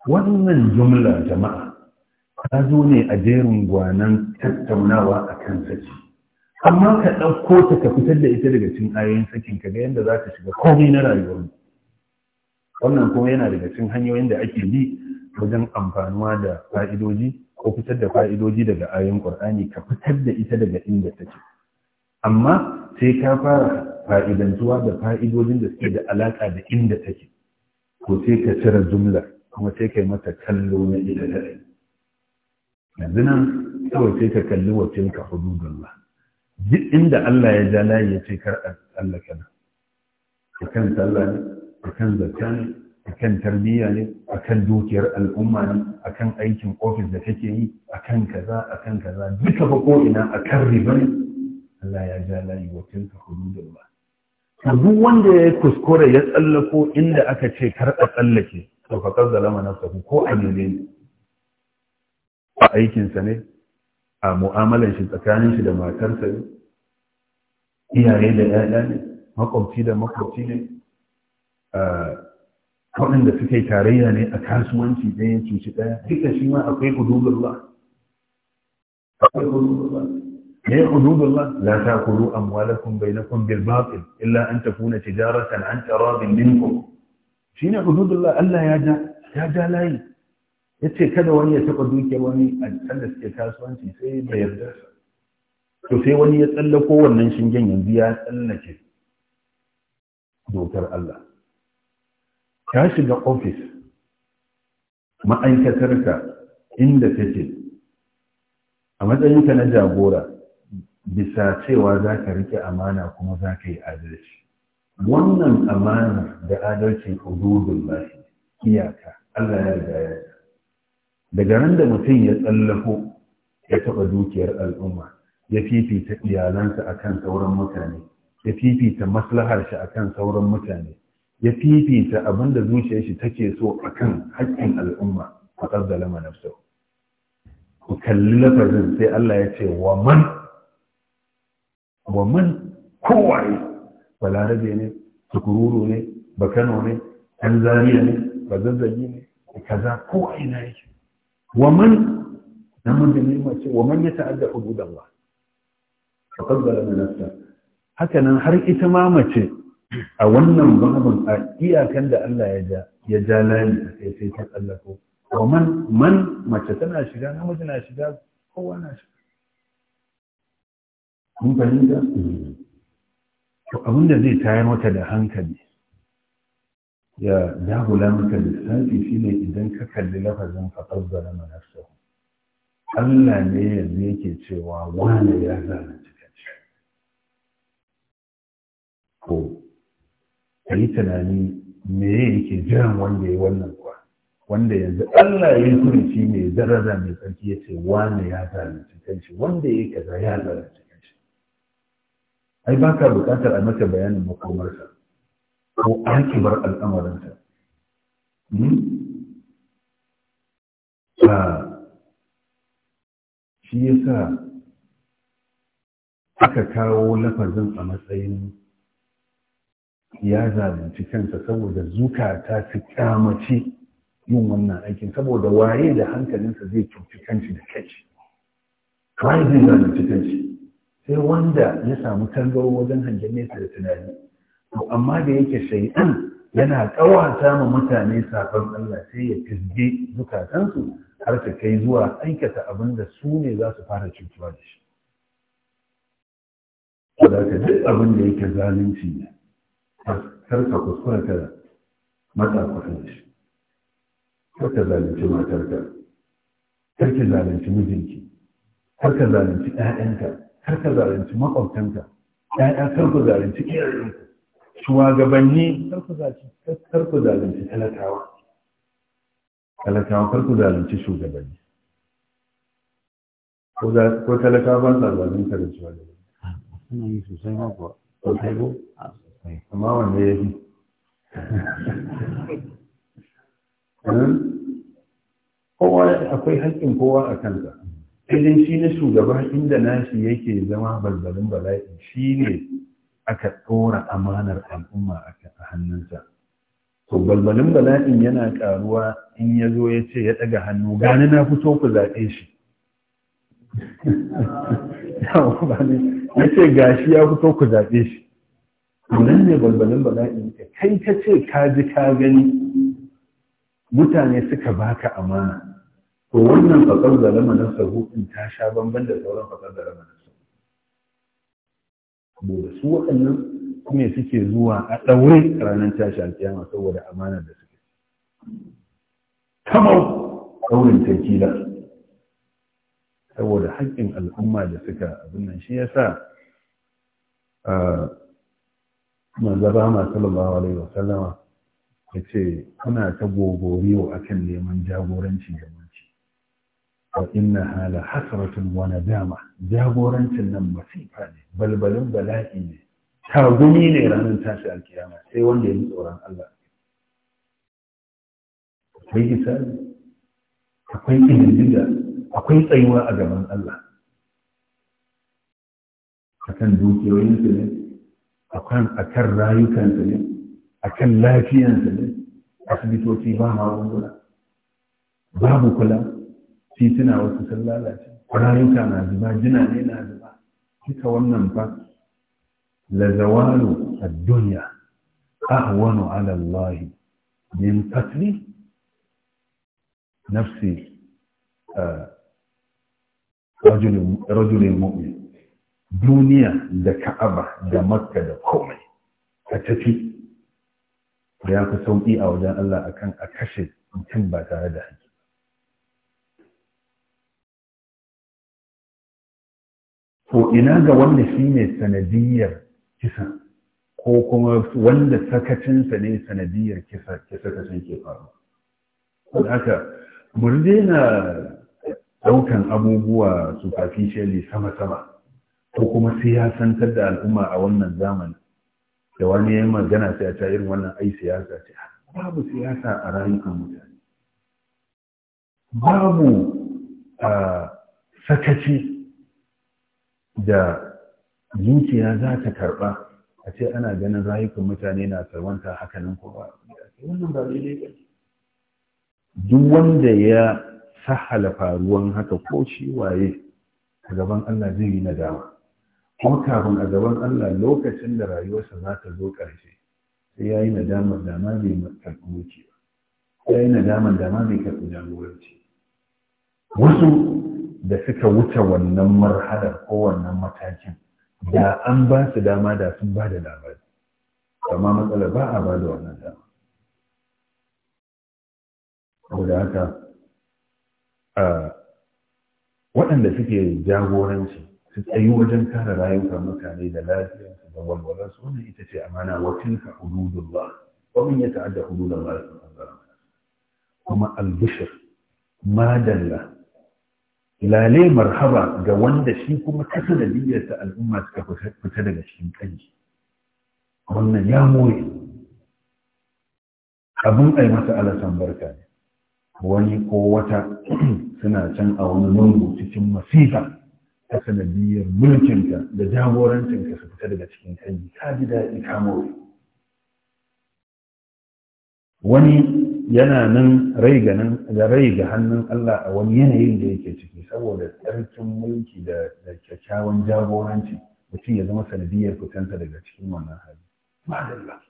A: wannan jumla jama'a ta zo ne a jerin gwanan tattaunawa a kan saki amma ka ɗauko ta ka fitar da ita daga cikin ayoyin sakin ka ga yadda za ta shiga komai na rayuwar wannan kuma yana daga cin hanyoyin da ake bi wajen amfanuwa da fa'idoji ko fitar da fa'idoji daga ayoyin ƙur'ani ka fitar da ita daga inda take amma sai ka fara fa'idantuwa da fa'idodin da suke da alaƙa da inda take ko sai ka cire jumlar kuma sai ka yi mata kallo na ita da yanzu nan kawai sai ka kalli wacin ka hududullah duk inda Allah ya ja layi ya ce kar a tsallaka nan kan sallah ne kan zakka ne kan tarbiyya ne akan dukiyar al'umma ne akan aikin ofis da kake yi akan kaza kan kaza duka ba ko a akan riba ne Allah ya ja layi wa tilka hududullah to duk wanda ya kuskure ya tsallako inda aka ce kar a tsallake to fa lama na sahu ko a ne a aikinsa ne a mu'amalar shi tsakanin shi da matarsa ne iyaye da 'ya'ya ne makwabci da makwabci ne waɗanda suka yi tarayya ne a kasuwanci ɗaya cuci ɗaya duka shi ma akwai hududullah akwai ba. ne hududullah la takulu amwalakum bainakum bil batil illa an takuna tijaratan an taradin minkum shine hududullah Allah ya ja ya ja layi yace kada wani ya taɓa duke wani a sanda suke kasuwanci sai da yarda to sai wani ya tsallako wannan shingen yanzu ya tsallake dokar Allah ka shiga ofis ma'aikatarka inda take a matsayinka na jagora bisa cewa za ka rike amana kuma za ka yi adalci wannan amanar da adalcin hududun lahi iyaka Allah ya riga ya daga nan da mutum ya tsallafo ya taɓa dukiyar al'umma ya fifita iyalansa a kan sauran mutane ya fifita maslahar shi kan sauran mutane ya fifita abin da zuciyar shi take so a kan haƙƙin al'umma a ƙazzalama nafsu ku kalli lafazin sai Allah ya ce wa man wa man kowaye balarabe ne tukururu ne bakano ne ɗan zariya ne ba bazazzagi ne kaza ko ina yake wa man na namiji ne mace wa man ya ta'adda hududallah fa qaddara min nafsa haka nan har ita ma mace a wannan babin a iyakan da Allah ya ja ya ja layi sai sai ta tsallako wa man man mace tana shiga namiji na shiga kowa na shiga kun fahimta to abin da zai tayar mata da hankali ya dagula maka lissafi ne idan ka kalli lafazin faɗar mana nafsa Allah ne yanzu yake cewa wane ya zalunci kanshi ko ka yi tunani me yake jiran wanda ya wannan kuwa wanda yanzu Allah ya yi kurici mai daraja mai tsarki ya ce wane ya zalunci kanshi wanda ya kaza ya zalunci ai ba ka bukatar a maka bayanin makomarsa ko
B: bar al'amarinsa hmm? ah, shi ya sa
A: aka kawo lafazin a matsayin ya zalunci kansa saboda ta fi kyamace yin wannan aikin saboda waye da hankalinsa zai cuci kanci da kanci waye zai zalunci kanci sai wanda ya samu tangaro wajen hangen nesa da tunani to amma da yake shaitan yana kawata samun mutane safar Allah sai ya fizge zukatansu har ta kai zuwa aikata abin da su ne za su fara cutuwa da shi.
B: Wadata duk
A: abin da yake zalunci ne, kar ka kuskura ka matsa kusa da shi. Kar ka zalunci matarka, kar ki zalunci mijinki, kar ka zalunci ‘ya'yanka, kar ka zalunci makwabtanka ya'ya kar ku zalunci iyayenku shugabanni kar ku zalunci talatawa. talakawa kar ku zalunci shugabanni ko talatawa ba sa zalunta da shugabanni suna yi sosai mako kuwa sosai ko amma wanda ya fi hmm? kowa akwai haƙƙin kowa a kanta idan shi na shugaba inda nashi yake zama balbalin bala'i shi ne aka tsora amanar al'umma a hannunsa to balbalin bala'in yana ƙaruwa in ya zo ya ce ya ɗaga hannu gani na fito ku zaɓe shi ya ce gashi ya fito ku zaɓe shi nan ne balbalin bala'in kai ka ce ka ji ka gani mutane suka baka amana
B: to wannan fakar zalama na
A: sahutun ta sha bamban da sauran fakar zalama na saboda su waɗannan kuma suke zuwa a ɗaure ranar tashi alƙiyama saboda amanar da suke kamar ɗaurin tarkila saboda haƙƙin al'umma da suka abin nan shi yasa manzaba ma sallallahu alaihi wasallama ya ce kuna ta gogoriyo akan neman jagoranci da wa inna hala hasratun wa dama. jagorancin nan masifa ne balbalin bala'i ne tagumi ne ranar tashi alkiyama sai wanda ya yi tsoron
B: Allah akwai isali akwai ilimiga akwai tsayuwa a gaban Allah
A: kan dukiyoyinsu ne akan kan rayukansu ne akan lafiyansu ne asibitoci ba magunguna babu kula tituna wasu sun lalace rayuka na zuba jina ne na zuba duka wannan fa la zawalu ad-dunya ahwanu ala Allah min qatli nafsi rajulin mu'min duniya da ka'aba da makka da komai ka tafi
B: ya fi sauƙi a wajen Allah akan a kashe mutum ba tare da haƙi to ina ga wanda
A: shi ne sanadiyar kisa ko kuma wanda sakacinsa ne sanadiyar kisa ke sakacin ke faru haka mu na daukan abubuwa su superficially sama-sama ko kuma siyasantar da al'umma a wannan zamani da wani ya magana sai a ta irin wannan ai siyasa ce babu siyasa a rayukan mutane babu a ah, sakaci da zuciya za ta karɓa a ce ana ganin rayukan mutane na sarwanta hakanan kowa wannan ba daidai ba duk wanda ya sahala faruwan haka ko shi waye a gaban Allah zai yi nadama kuma kafin a gaban Allah lokacin da rayuwarsa za ta zo ƙarshe sai ya yi nadamar dama mai karɓi wuce ba ya yi nadamar dama mai karɓi jagoranci wasu da suka wuce wannan marhalar ko wannan matakin da an ba su dama da sun ba da labari amma matsala ba a ba da wannan dama saboda haka waɗanda suke jagoranci su tsayi wajen kare rayuka mutane da lafiyarsu da walwalarsu wannan ita ce amana wa tilka hududullah wa man yata'adda hududallah kuma albishir, madalla lalai marhaba ga wanda shi kuma kasa ta al'umma suka fita daga cikin kanji wannan ya more abin ai masa alasan barka ne wani ko wata suna can a wani lungu cikin masifa ta sanadiyyar mulkinka da jagorancinka su fita daga cikin kanji ta ji daɗi ka more wani yana nan rai ga nan da rai ga hannun Allah a wani yanayin da yake ciki saboda tsarkin mulki da da kyakkyawan jagoranci mutum ya zama sanadiyar fitanta daga cikin wannan hali madalla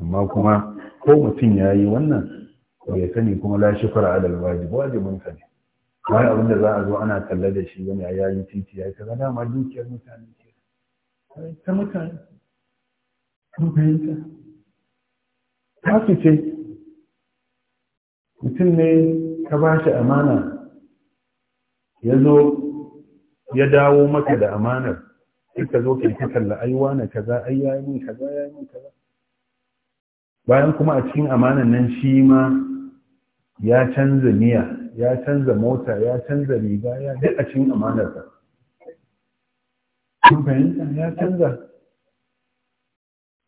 A: amma kuma ko mutum ya yi wannan bai sani kuma la shukura adal wajib wajibin sa ne wani abin da za a zo ana kalle da shi wani ya yi titi ya yi kaza dama dukiyar mutane ke. ta mutane kun fahimta tasu ce mutum ne ka ba shi amana ya zo ya dawo maka da amanar sai ka zo kai kalla ai wane kaza ai yayi min kaza yayi min kaza bayan kuma a cikin amanar nan shi ma ya canza niyya ya canza mota ya canza riga ya duk a cikin amanar ka kun fahimta ya canza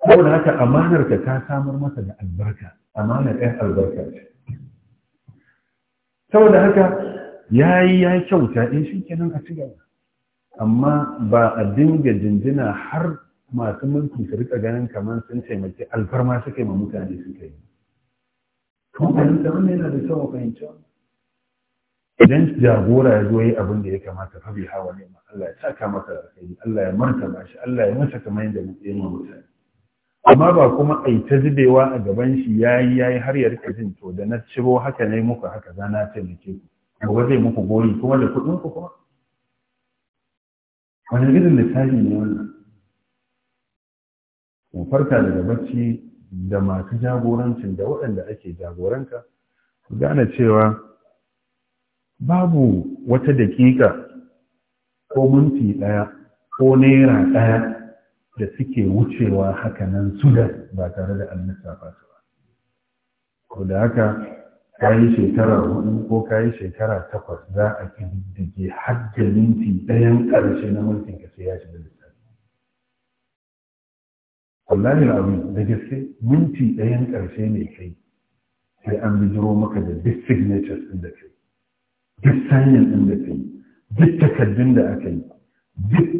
A: saboda haka amanar ka ta samar masa da albarka amanar ɗan albarka ce saboda haka ya yi ya kyauta in eh, shi kenan a ci gaba amma ba a dinga jinjina har masu mulki su rika ganin kamar sun taimaki alfarma suka yi ma mutane suka yi kuma yana da kyau a fahimci idan jagora ya zo yi abin da ya kamata fa bi hawa ne ma. Allah ya saka masa alkhairi Allah ya martaba shi Allah ya masa kamar yadda mu mutane amma ba kuma ai ta zubewa a gaban shi yayi yayi har ya rika jin to da na ciro haka ne muku haka za na taimake ku gobe zai muku goyi kuma da kuɗin ku kuma wani irin lissafi ne wannan mu farka daga bacci da masu jagorancin da waɗanda ake jagoranta gane cewa babu wata daƙiƙa ko minti ɗaya ko naira ɗaya da suke wucewa hakanan sudan ba tare da an lissafa su ba ko da haka ka yi shekara hudu ko ka yi shekara takwas za a ƙididdige har da minti ɗayan ƙarshe na mulkin ka sai ya shiga lissafi wallahi abu da gaske minti ɗayan ƙarshe ne kai sai an bijiro maka da duk signatures ɗin da kai duk sanyin ɗin da kai duk takardun da aka yi duk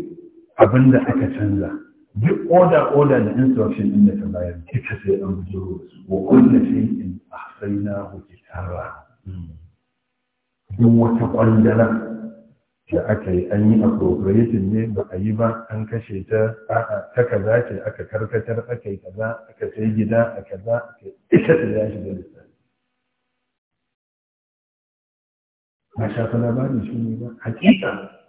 A: abin da aka canza duk oda oda da instruction din da ka bayar kika sai an bujuro su wa kullu shay'in ahsaynahu kitaba duk wata kwandala da aka yi an yi appropriating ne ba a yi ba an kashe ta a'a ta kaza ce aka karkatar aka yi kaza aka sai gida a kaza aka ita ta ya shiga lissafi ba shafa labari shi ne ba hakika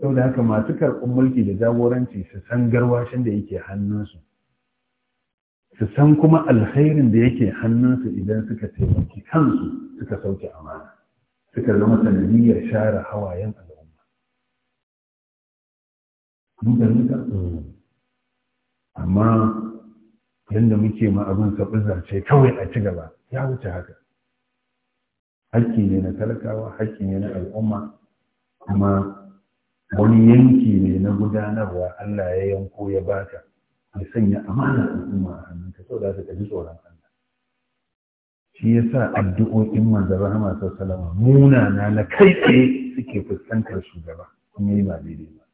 A: Sau da haka masu karɓar mulki da jagoranci su san garwashin da yake hannunsu su san kuma alkhairin da yake hannunsu idan suka taimaki kansu suka sauke amana suka zama sanadiyar share hawayen al'umma mm. amma yadda muke ma abin saɓin ce kawai a ci gaba ya wuce haka hakki ne na talakawa hakki ne na al'umma kuma wani yanki ne na gudanarwa Allah ya yanko ya baka ya sanya amana al'umma a hannunka sau da ka ji tsoron Allah shi ya sa addu'o'in manzan rahama sau salama munana na kai tsaye suke fuskantar shugaba kuma yi ba daidai ba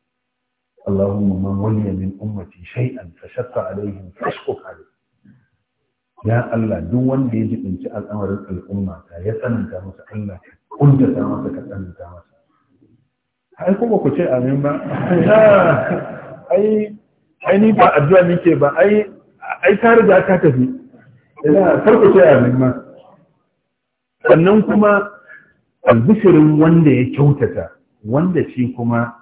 A: Allahumma man waliya min ummati shay'an fa shaqqa alaihim fashko alayhi ya Allah duk wanda ya jibinci al'amarin al'umma ta ya tsananta masa Allah ka kuntata masa ka tsananta masa ai kuma ku ce amin ba ai ai ni ba addu'a nake ba ai ai ta riga ta tafi kar ku ce amin ma sannan kuma albishirin wanda ya kyautata wanda shi kuma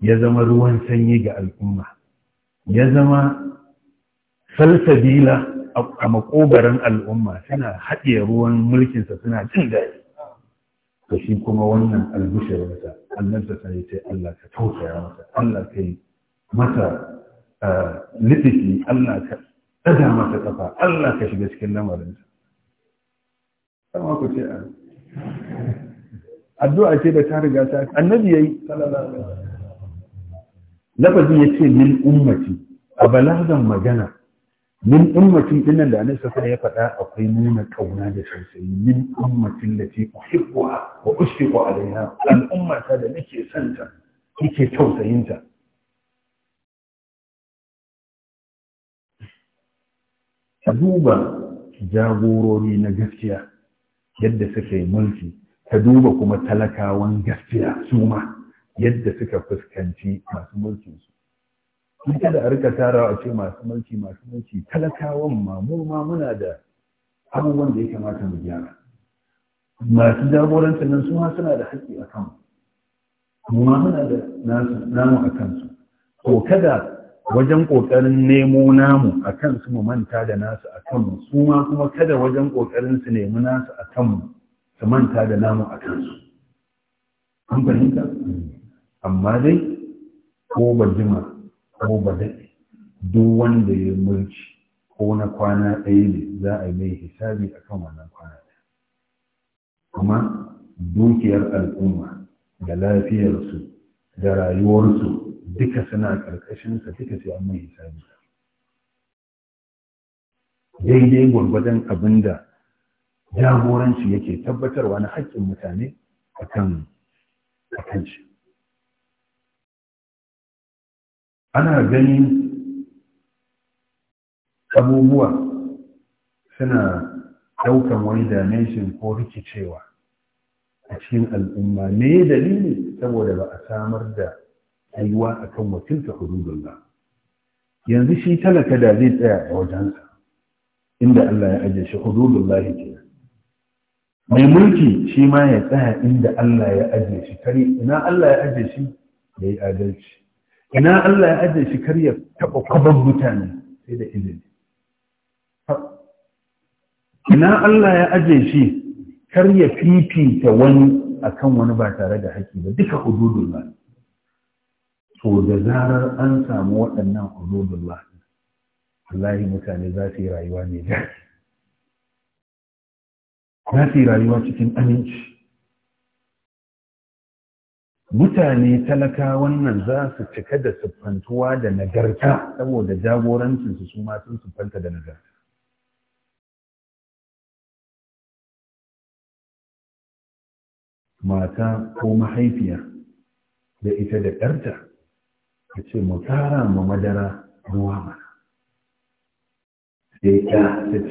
A: ya zama ruwan sanyi ga al'umma ya zama salsabila a makobarin al'umma suna haɗe ruwan mulkinsa suna jin daɗi to shi kuma wannan albishirinsa annabi sa sai ce Allah ka tausaya masa Allah ka yi masa litifi Allah ka ɗaga masa kafa Allah ka shiga cikin lamarinsa sama ku ce a addu'a ce da ta riga ta annabi yayi sallallahu alaihi wasallam lafazi yace min ummati a balazan magana min ummatin din da annabi sallallahu ya faɗa akwai nuna kauna da tausayi min
B: ummatin lati uhibbuha wa ushfiqu alaiha al ummata da nake santa nake tausayinta ka duba jagorori na gaskiya
A: yadda suka yi mulki ka duba kuma talakawan gaskiya su ma yadda suka fuskanci masu mulkinsu in kada a rika tarawa a ce masu mulki masu mulki talakawan ma mu ma muna da abubuwan da ya kamata mu gyara masu jagoranta nan su ma suna da haƙƙi a kanmu mu ma muna da namu a kansu to kada wajen ƙoƙarin nemo namu a su mu manta da nasu a kanmu su ma kuma kada wajen ƙoƙarin su nemi nasu a kanmu su manta da namu a kansu an fahimta amma dai ko ba jima ko duk wanda ya mulki ko na kwana ɗaya ne za a yi mai hisabi a kan wannan kwana ɗaya kuma dukiyar al'umma da lafiyarsu da rayuwarsu duka suna ƙarƙashinsa duka sai an mai hisabi daidai gwargwadon abin da jagoranci yake tabbatarwa na haƙƙin mutane a kan shi
B: ana ganin abubuwa suna daukan wani dimension ko
A: rikicewa a cikin al'umma ne dalili saboda ba a samar da aiwa a kan wakilta hududun ba yanzu shi talaka da zai tsaya a wajensa inda Allah ya ajiye shi hududun lahi ke mai mulki shi ma ya tsaya inda Allah ya ajiye shi kare ina Allah ya ajiye shi ya adalci ina Allah ya ajiye shi kar ya taɓa kwaban mutane sai da izini ina Allah ya ajiye shi kar ya fifita wani akan wani ba tare da haƙƙi ba duka ba. so da zarar an samu waɗannan ba, wallahi mutane za su yi rayuwa mai daɗi za su yi rayuwa cikin aminci mutane talaka wannan za su cika da siffantuwa da nagarta saboda jagorancinsu su ma sun
B: siffanta da nagarta mata ko mahaifiya da ita da
A: ɗarta ta ce mu tara ma madara ruwa mana sai ta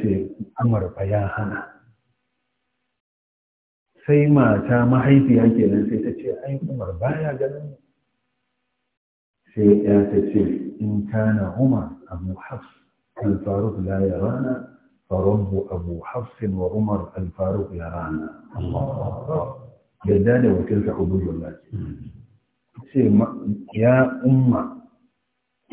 A: ce amurfa ya hana sai mata mahaifiya kenan sai ta ce ai umar baya ganin sai ya ta ce in kana umar abu hafs alfaruk la ya rana farabbu abu hafsin wa umar alfaruk ya rana yadda da wakilta ubudullah ce ya umma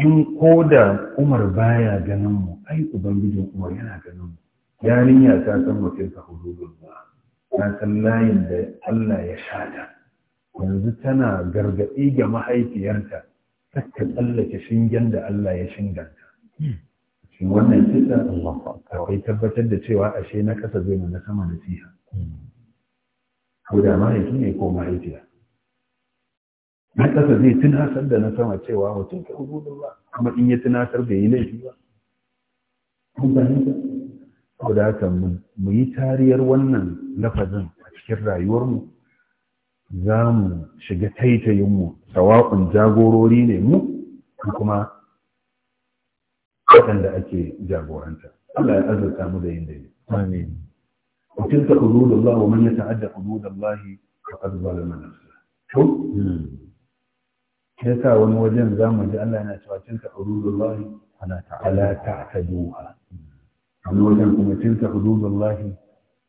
A: in ko da umar baya ganin mu ai ubangijin umar yana ganin mu yarinya ta san wakilta ubudullah na san layin da Allah ya shata yanzu tana gargaɗi ga mahaifiyarta takka tsallake shingen da Allah ya shinganta shi wannan kisa akwai tabbatar da cewa ashe na kasa zai na sama da siya ko da mahaifi ne ko mahaifiya na kasa zai tunasar da na sama cewa mutum ka hudu ba kuma in ya tunasar da yi laifi ba ko da haka mu yi tariyar wannan lafazin a cikin rayuwarmu za mu shiga taitayinmu sawa'un jagorori ne mu kuma waɗanda ake jagoranta Allah ya azurta mu da yin daidai amin wa tilka hududullah wa man yata'adda hududallah da zalama nafsa to hmm. yasa wani wajen za mu ji Allah yana cewa tilka hududullah ana ta'ala ta'taduha amma wajen kuma tilka hududullahi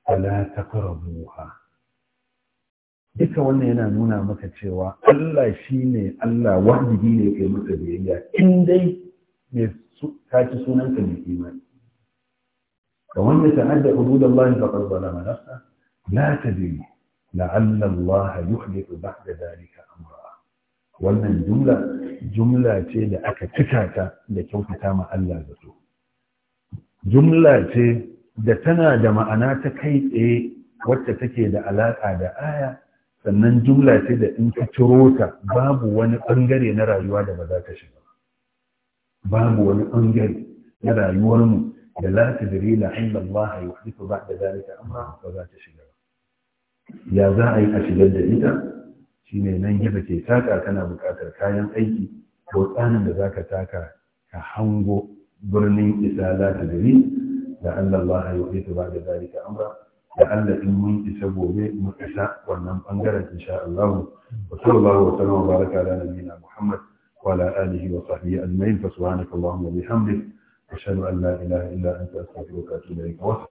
A: fala taqrabuha duka wannan yana nuna maka cewa Allah shine Allah wajibi ne kai masa biyayya in dai ne ka ci sunan ka ne imani da wanda ta'adda hududullahi faqad zalama nafsa la tadri la'alla Allah yuhdithu ba'da dhalika amra wannan jumla jumla ce da aka cika ta da kyautata ma Allah zato jumla ce da tana da ma'ana ta kai tsaye wacce take da alaƙa da aya sannan jumla ce da in ka ciro ta babu wani ɓangare na rayuwa da ba za ta shiga babu wani ɓangare na rayuwarmu da la jiri la inda Allah ya ba da zalika amma ba za ta shiga ba. ya za a yi a shigar da ita shine nan gida ke taka kana buƙatar kayan aiki ko tsanin da za ka taka ka hango birnin isa za ta gari da Allah Allah ya yi ba da zalika amra da Allah in mun isa gobe mu isa wannan bangaren insha allahu. wa sallallahu wa sallama wa baraka ala nabiyina Muhammad wa ala alihi wa sahbihi ajma'in fa subhanaka Allahumma wa bihamdik ashhadu an la ilaha illa anta astaghfiruka wa atubu ilayk